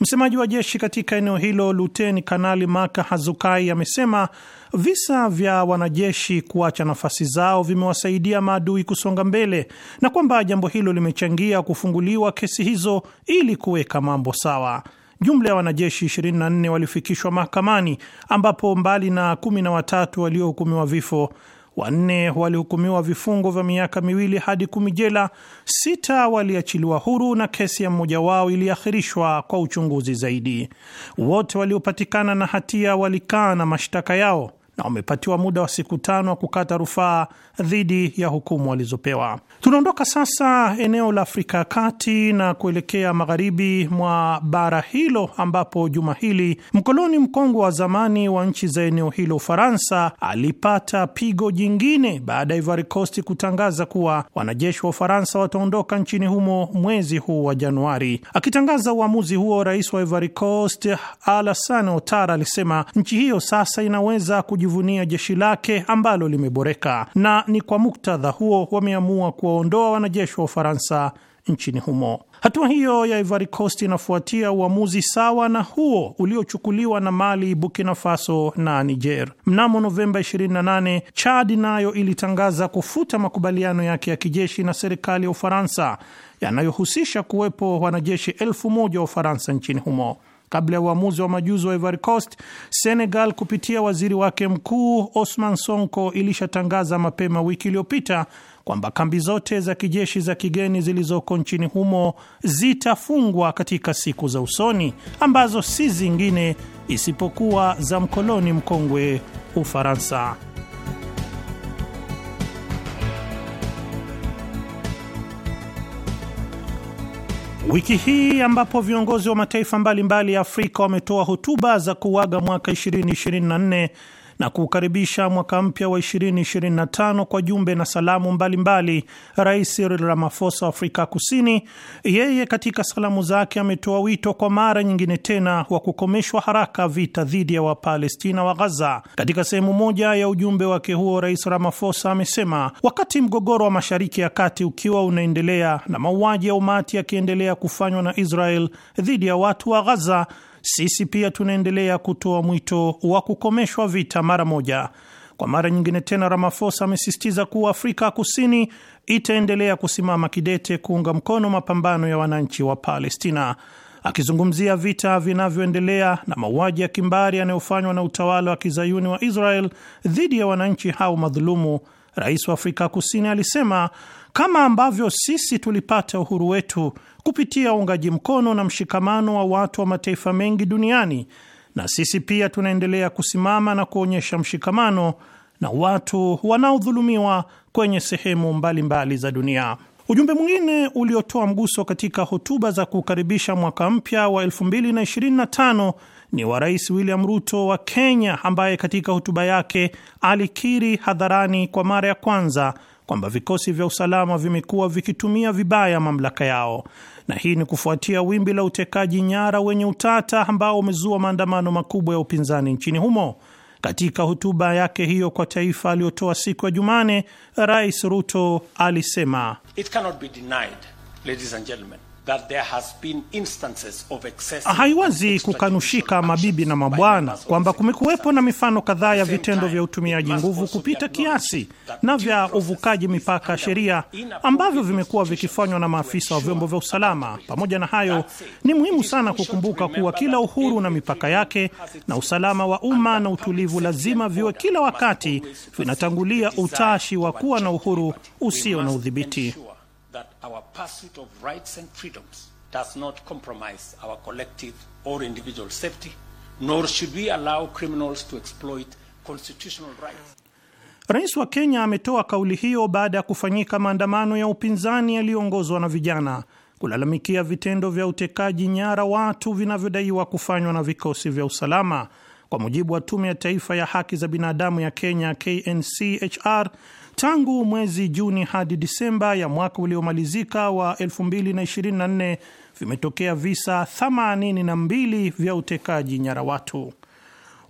Msemaji wa jeshi katika eneo hilo Luteni Kanali Maka Hazukai amesema visa vya wanajeshi kuacha nafasi zao vimewasaidia maadui kusonga mbele na kwamba jambo hilo limechangia kufunguliwa kesi hizo ili kuweka mambo sawa. Jumla ya wanajeshi 24 walifikishwa mahakamani ambapo mbali na na watatu waliohukumiwa vifo wanne walihukumiwa vifungo vya miaka miwili hadi kumi jela, sita waliachiliwa huru na kesi ya mmoja wao iliahirishwa kwa uchunguzi zaidi. Wote waliopatikana na hatia walikaa na mashtaka yao na wamepatiwa muda wa siku tano wa kukata rufaa dhidi ya hukumu walizopewa. Tunaondoka sasa eneo la Afrika ya Kati na kuelekea magharibi mwa bara hilo, ambapo juma hili mkoloni mkongwe wa zamani wa nchi za eneo hilo Ufaransa alipata pigo jingine baada ya Ivory Coast kutangaza kuwa wanajeshi wa Ufaransa wataondoka nchini humo mwezi huu wa Januari. Akitangaza uamuzi huo, rais wa Ivory Coast Alassane Ouattara alisema nchi hiyo sasa inaweza kuj kujivunia jeshi lake ambalo limeboreka, na ni kwa muktadha huo wameamua kuwaondoa wanajeshi wa Ufaransa nchini humo. Hatua hiyo ya Ivory Coast inafuatia uamuzi sawa na huo uliochukuliwa na Mali, Burkina Faso na Niger. Mnamo Novemba 28, Chad nayo ilitangaza kufuta makubaliano yake ya kijeshi na serikali ya Ufaransa yanayohusisha kuwepo wanajeshi elfu moja wa Ufaransa nchini humo. Kabla ya uamuzi wa majuzi wa Ivory Coast, Senegal kupitia waziri wake mkuu Osman Sonko ilishatangaza mapema wiki iliyopita kwamba kambi zote za kijeshi za kigeni zilizoko nchini humo zitafungwa katika siku za usoni, ambazo si zingine isipokuwa za mkoloni mkongwe Ufaransa. Wiki hii ambapo viongozi wa mataifa mbalimbali ya mbali Afrika wametoa hotuba za kuaga mwaka 2024 na kuukaribisha mwaka mpya wa 2025 kwa jumbe na salamu mbalimbali mbali. Rais Cyril Ramaphosa wa Afrika Kusini, yeye katika salamu zake ametoa wito kwa mara nyingine tena wa kukomeshwa haraka vita dhidi ya Wapalestina wa Ghaza. Katika sehemu moja ya ujumbe wake huo, Rais Ramaphosa amesema wakati mgogoro wa Mashariki ya Kati ukiwa unaendelea na mauaji ya umati yakiendelea kufanywa na Israel dhidi ya watu wa Ghaza sisi pia tunaendelea kutoa mwito wa kukomeshwa vita mara moja. Kwa mara nyingine tena, Ramaphosa amesisitiza kuwa Afrika Kusini itaendelea kusimama kidete kuunga mkono mapambano ya wananchi wa Palestina. Akizungumzia vita vinavyoendelea na mauaji ya kimbari yanayofanywa na utawala wa kizayuni wa Israel dhidi ya wananchi hao madhulumu, rais wa Afrika Kusini alisema kama ambavyo sisi tulipata uhuru wetu kupitia uungaji mkono na mshikamano wa watu wa mataifa mengi duniani, na sisi pia tunaendelea kusimama na kuonyesha mshikamano na watu wanaodhulumiwa kwenye sehemu mbalimbali mbali za dunia. Ujumbe mwingine uliotoa mguso katika hotuba za kukaribisha mwaka mpya wa 2025 ni wa Rais William Ruto wa Kenya, ambaye katika hotuba yake alikiri hadharani kwa mara ya kwanza kwamba vikosi vya usalama vimekuwa vikitumia vibaya mamlaka yao, na hii ni kufuatia wimbi la utekaji nyara wenye utata ambao umezua maandamano makubwa ya upinzani nchini humo. Katika hotuba yake hiyo kwa taifa aliyotoa siku ya Jumane, Rais Ruto alisema It cannot be denied, ladies and gentlemen Haiwezi kukanushika, mabibi na mabwana, kwamba kumekuwepo na mifano kadhaa ya vitendo vya utumiaji nguvu kupita kiasi na vya uvukaji mipaka ya sheria ambavyo vimekuwa vikifanywa na maafisa wa vyombo vya usalama. Pamoja na hayo, ni muhimu sana kukumbuka kuwa kila uhuru na mipaka yake, na usalama wa umma na utulivu lazima viwe kila wakati vinatangulia utashi wa kuwa na uhuru usio na udhibiti that our pursuit of rights and freedoms does not compromise our collective or individual safety, nor should we allow criminals to exploit constitutional rights. Rais wa Kenya ametoa kauli hiyo baada ya kufanyika maandamano ya upinzani yaliyoongozwa na vijana kulalamikia vitendo vya utekaji nyara watu vinavyodaiwa kufanywa na vikosi vya usalama. Kwa mujibu wa Tume ya Taifa ya Haki za Binadamu ya Kenya, KNCHR, Tangu mwezi Juni hadi Disemba ya mwaka uliomalizika wa 2024 vimetokea visa 82 vya utekaji nyara watu.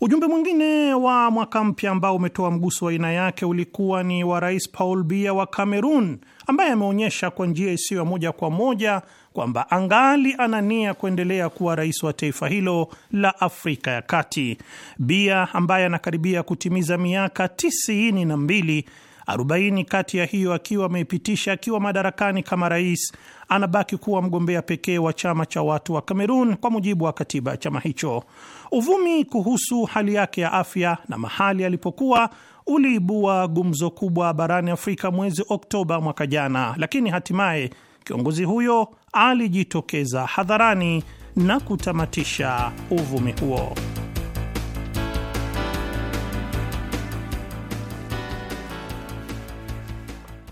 Ujumbe mwingine wa mwaka mpya ambao umetoa mguso wa aina yake ulikuwa ni wa Rais Paul Biya wa Kamerun, ambaye ameonyesha kwa njia isiyo ya moja kwa moja kwamba angali ana nia kuendelea kuwa rais wa taifa hilo la Afrika ya Kati. Biya ambaye anakaribia kutimiza miaka tisini na mbili 40 kati ya hiyo akiwa ameipitisha akiwa madarakani kama rais, anabaki kuwa mgombea pekee wa chama cha watu wa Kamerun kwa mujibu wa katiba ya chama hicho. Uvumi kuhusu hali yake ya afya na mahali alipokuwa uliibua gumzo kubwa barani Afrika mwezi Oktoba mwaka jana, lakini hatimaye kiongozi huyo alijitokeza hadharani na kutamatisha uvumi huo.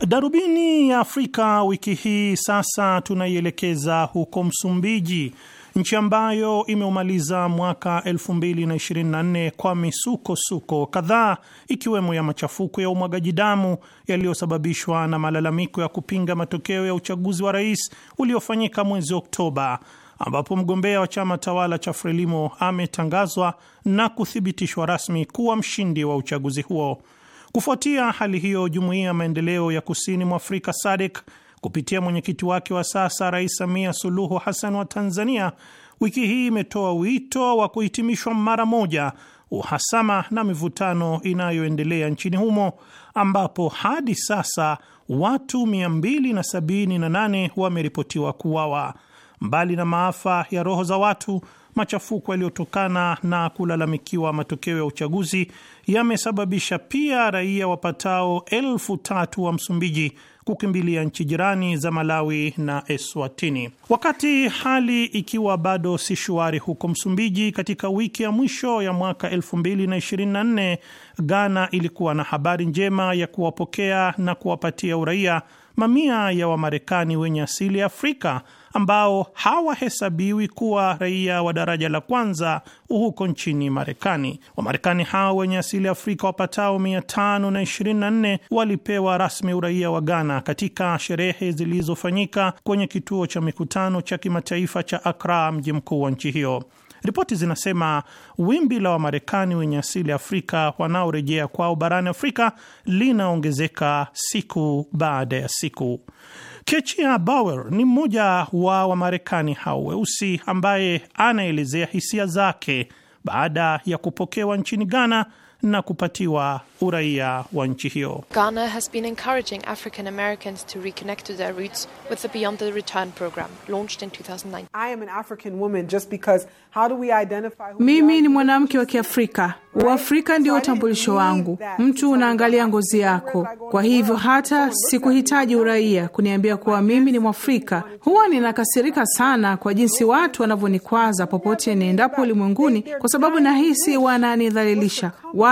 Darubini ya Afrika wiki hii sasa tunaielekeza huko Msumbiji, nchi ambayo imeumaliza mwaka 2024 kwa misukosuko kadhaa ikiwemo ya machafuko ya umwagaji damu yaliyosababishwa na malalamiko ya kupinga matokeo ya uchaguzi wa rais uliofanyika mwezi Oktoba, ambapo mgombea wa chama tawala cha Frelimo ametangazwa na kuthibitishwa rasmi kuwa mshindi wa uchaguzi huo. Kufuatia hali hiyo, jumuiya ya maendeleo ya kusini mwa Afrika SADC kupitia mwenyekiti wake wa sasa Rais Samia Suluhu Hassan wa Tanzania wiki hii imetoa wito wa kuhitimishwa mara moja uhasama na mivutano inayoendelea nchini humo ambapo hadi sasa watu 278 wameripotiwa kuuawa. Mbali na maafa ya roho za watu, Machafuko yaliyotokana na kulalamikiwa matokeo ya uchaguzi yamesababisha pia raia wapatao elfu tatu wa Msumbiji kukimbilia nchi jirani za Malawi na Eswatini. Wakati hali ikiwa bado si shwari huko Msumbiji, katika wiki ya mwisho ya mwaka 2024 Ghana ilikuwa na habari njema ya kuwapokea na kuwapatia uraia mamia ya Wamarekani wenye asili ya Afrika ambao hawahesabiwi kuwa raia wa daraja la kwanza huko nchini Marekani. Wamarekani hao wenye asili ya Afrika wapatao 524 walipewa rasmi uraia wa Ghana katika sherehe zilizofanyika kwenye kituo cha mikutano cha kimataifa cha akra mji mkuu wa nchi hiyo. Ripoti zinasema wimbi la Wamarekani wenye asili ya Afrika wanaorejea kwao barani Afrika linaongezeka siku baada ya siku. Kechia Bauer ni mmoja wa Wamarekani hao weusi ambaye anaelezea hisia zake baada ya kupokewa nchini Ghana na kupatiwa uraia wa nchi hiyo. Ghana has been encouraging African Americans to reconnect to their roots with the Beyond the Return program launched in 2009. I am an African woman just because how do we identify who Mimi ni mwanamke wa Kiafrika. Uafrika ndio utambulisho wangu. Mtu unaangalia ngozi yako. Kwa hivyo hata sikuhitaji uraia kuniambia kuwa mimi ni Mwafrika. Huwa ninakasirika sana kwa jinsi watu wanavyonikwaza popote niendapo ulimwenguni kwa sababu nahisi wananidhalilisha. Wa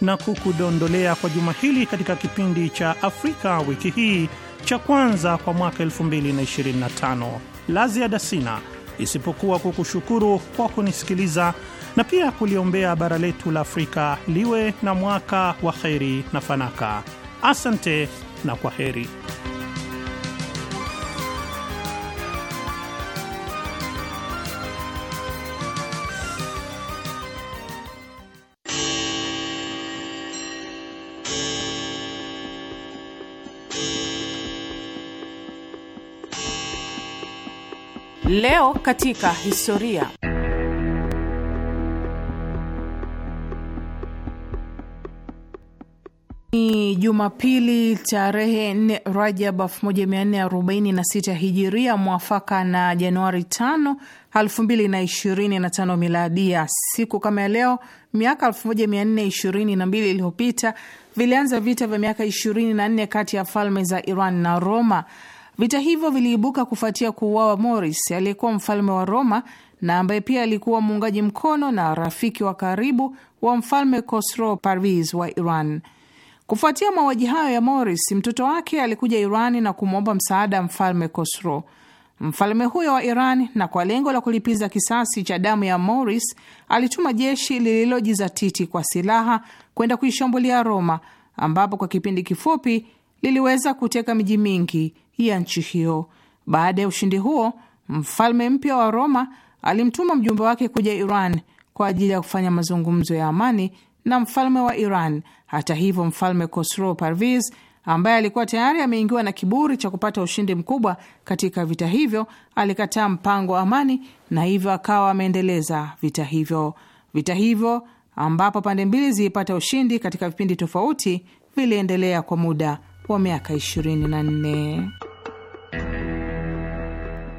na kukudondolea kwa juma hili katika kipindi cha Afrika wiki hii cha kwanza kwa mwaka 2025. La ziada sina isipokuwa kukushukuru kwa kunisikiliza na pia kuliombea bara letu la Afrika liwe na mwaka wa kheri na fanaka. Asante na kwa heri. Leo katika historia. Ni Jumapili tarehe 4 Rajab 1446 Hijiria, mwafaka na Januari 5 2025 Miladia. Siku kama ya leo miaka 1422 iliyopita vilianza vita vya miaka 24 kati ya falme za Iran na Roma. Vita hivyo viliibuka kufuatia kuuawa Moris aliyekuwa mfalme wa Roma na ambaye pia alikuwa muungaji mkono na rafiki wa karibu wa mfalme Kosro parvis wa Iran. Kufuatia mauaji hayo ya Moris, mtoto wake alikuja Irani na kumwomba msaada mfalme Kosro. Mfalme huyo wa Iran, na kwa lengo la kulipiza kisasi cha damu ya Moris, alituma jeshi lililojizatiti kwa silaha kwenda kuishambulia Roma, ambapo kwa kipindi kifupi liliweza kuteka miji mingi ya nchi hiyo. Baada ya ushindi huo, mfalme mpya wa Roma alimtuma mjumbe wake kuja Iran kwa ajili ya kufanya mazungumzo ya amani na mfalme wa Iran. Hata hivyo, mfalme Khosrow Parviz ambaye alikuwa tayari ameingiwa na kiburi cha kupata ushindi mkubwa katika vita hivyo, alikataa mpango wa amani na hivyo akawa ameendeleza vita hivyo. Vita hivyo ambapo pande mbili zilipata ushindi katika vipindi tofauti, viliendelea kwa muda wa miaka 24.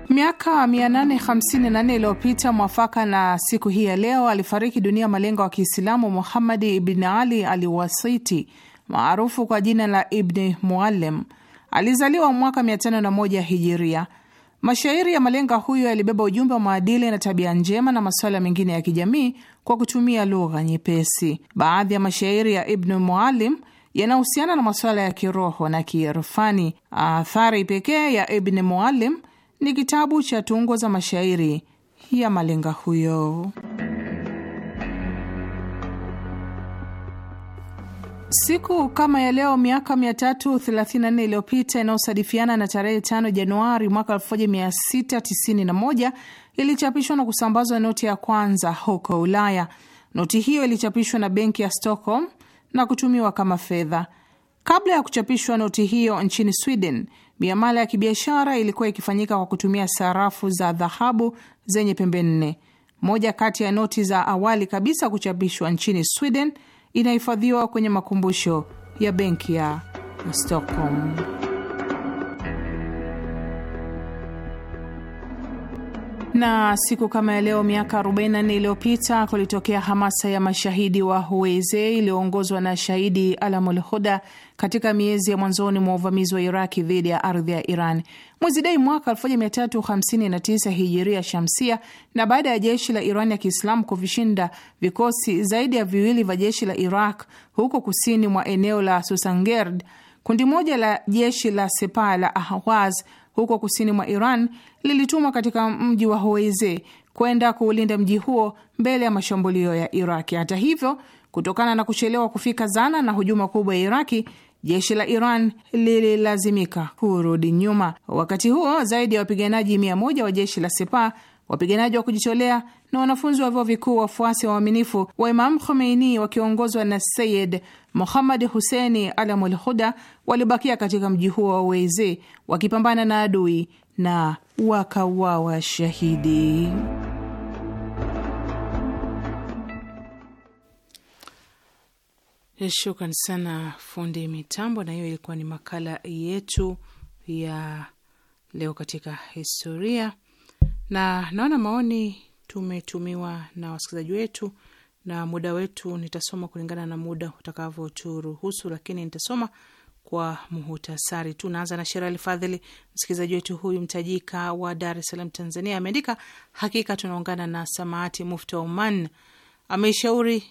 Miaka 854 iliyopita mwafaka na siku hii ya leo alifariki dunia malengo wa Kiislamu Muhammadi Ibn Ali Aliwasiti maarufu kwa jina la Ibni muallim Alizaliwa mwaka 501 Hijiria. Mashairi ya malenga huyo yalibeba ujumbe wa maadili na tabia njema na masuala mengine ya kijamii kwa kutumia lugha nyepesi. Baadhi ya mashairi ya Ibnu Muallim yanahusiana na masuala ya kiroho na kiirfani. Athari pekee ya ibn Muallim ni kitabu cha tungo za mashairi ya malenga huyo. Siku kama ya leo miaka 334 iliyopita inayosadifiana na tarehe 5 Januari mwaka 1691 ilichapishwa na kusambazwa noti ya kwanza huko Ulaya. Noti hiyo ilichapishwa na benki ya Stockholm na kutumiwa kama fedha. Kabla ya kuchapishwa noti hiyo nchini Sweden, miamala ya kibiashara ilikuwa ikifanyika kwa kutumia sarafu za dhahabu zenye pembe nne. Moja kati ya noti za awali kabisa kuchapishwa nchini Sweden inahifadhiwa kwenye makumbusho ya benki ya Stockholm. Na siku kama ya leo miaka 44 iliyopita kulitokea hamasa ya mashahidi wa Huweze iliyoongozwa na shahidi Alamul Huda katika miezi ya mwanzoni mwa uvamizi wa Iraki dhidi ya ardhi ya Iran. Mwezi Dei mwaka 1359 hijiria shamsia, na baada ya jeshi la Iran ya Kiislamu kuvishinda vikosi zaidi ya viwili vya jeshi la Iraq huko kusini mwa eneo la Susangerd, kundi moja la jeshi la Sepa la Ahwaz huko kusini mwa Iran lilitumwa katika mji wa Hoveze kwenda kuulinda mji huo mbele ya mashambulio ya Iraki. Hata hivyo, kutokana na kuchelewa kufika zana na hujuma kubwa ya Iraki, jeshi la Iran lililazimika kurudi nyuma. Wakati huo, zaidi ya wapiganaji mia moja wa jeshi la Sepa, wapiganaji wa kujitolea na wanafunzi wa vyuo vikuu wafuasi wa waaminifu wa Imam Khomeini wakiongozwa na Sayid Muhammad huseni Alamul Huda walibakia katika mji huo wa Weze wakipambana na adui na wakawawa shahidi. Shukran sana fundi mitambo. Na hiyo ilikuwa ni makala yetu ya leo katika historia, na naona maoni tumetumiwa na wasikilizaji wetu, na muda wetu nitasoma kulingana na muda utakavyoturuhusu, lakini nitasoma kwa muhutasari tu. Naanza na Sherali Fadhili, msikilizaji wetu huyu mtajika wa Dar es Salaam, Tanzania. Ameandika, hakika tunaungana na Samaati Mufti wa Oman. Ameishauri,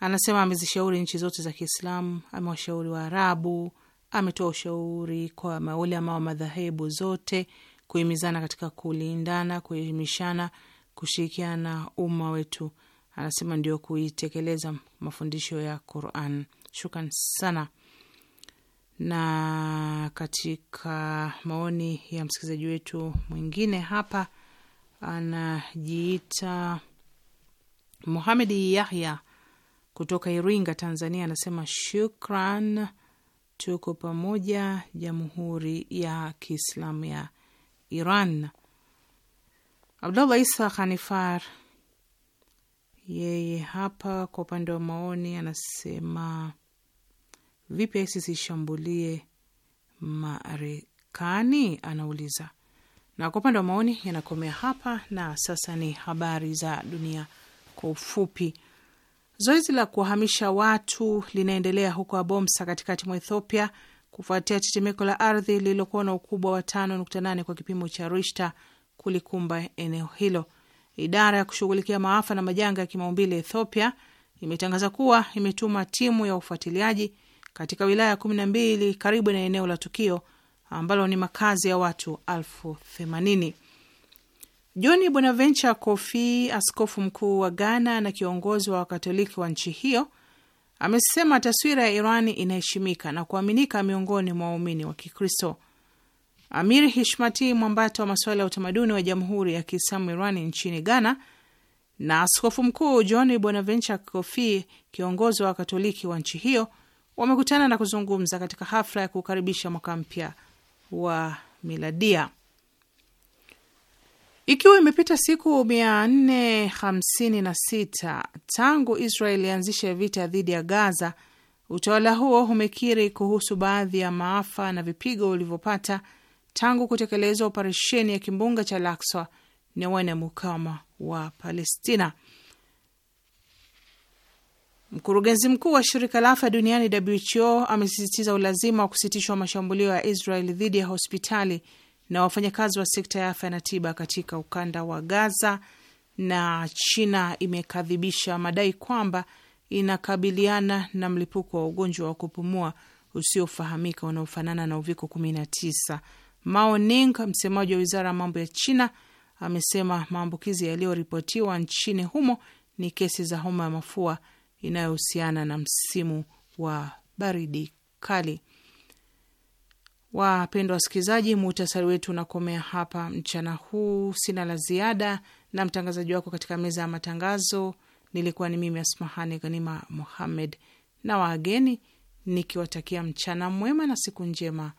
anasema amezishauri nchi zote za Kiislamu, amewashauri Waarabu, ametoa ushauri kwa maulama wa madhahebu zote kuhimizana katika kulindana, kuelimishana kushirikiana na umma wetu, anasema ndio kuitekeleza mafundisho ya Quran. Shukran sana. Na katika maoni ya msikilizaji wetu mwingine hapa anajiita muhamedi Yahya kutoka Iringa, Tanzania, anasema shukran, tuko pamoja, Jamhuri ya Kiislamu ya Iran. Abdullah Isa khanifar yeye hapa kwa upande wa maoni anasema vipi ISIS ishambulie Marekani? Anauliza, na kwa upande wa maoni yanakomea hapa. Na sasa ni habari za dunia kwa ufupi. Zoezi la kuwahamisha watu linaendelea huko Abomsa katikati mwa Ethiopia kufuatia tetemeko la ardhi lililokuwa na ukubwa wa 5.8 kwa kipimo cha Richter kulikumba eneo hilo. Idara ya kushughulikia maafa na majanga ya kimaumbile Ethiopia imetangaza kuwa imetuma timu ya ufuatiliaji katika wilaya kumi na mbili karibu na eneo la tukio ambalo ni makazi ya watu elfu themanini. John Bonaventure Kofi, askofu mkuu wa Ghana na kiongozi wa Wakatoliki wa nchi hiyo, amesema taswira ya iran inaheshimika na kuaminika miongoni mwa waumini wa Kikristo. Amir Hishmati mwambata wa masuala ya utamaduni wa Jamhuri ya Kiislamu Irani nchini Ghana na askofu mkuu John Bonaventure Kofi, kiongozi wa Wakatoliki wa nchi hiyo, wamekutana na kuzungumza katika hafla ya kukaribisha mwaka mpya wa miladia. Ikiwa imepita siku 456 tangu Israel ianzishe vita dhidi ya Gaza, utawala huo umekiri kuhusu baadhi ya maafa na vipigo ulivyopata tangu kutekelezwa operesheni ya kimbunga cha Lakswa ni wanamukama wa Palestina. Mkurugenzi mkuu wa shirika la afya duniani WHO amesisitiza ulazima wa kusitishwa mashambulio ya Israel dhidi ya hospitali na wafanyakazi wa sekta ya afya na tiba katika ukanda wa Gaza. Na China imekadhibisha madai kwamba inakabiliana na mlipuko wa ugonjwa wa kupumua usiofahamika unaofanana na uviko Mao Ning, msemaji wa wizara ya mambo ya China, amesema maambukizi yaliyoripotiwa nchini humo ni kesi za homa ya mafua inayohusiana na msimu wa baridi kali. Wapendwa wasikilizaji, muhtasari wetu unakomea hapa mchana huu. Sina la ziada, na mtangazaji wako katika meza ya matangazo nilikuwa ni mimi Asmahani Ghanima Mohammed, na wageni nikiwatakia mchana mwema na siku njema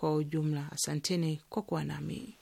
kwa ujumla. Asanteni kwa kuwa nami.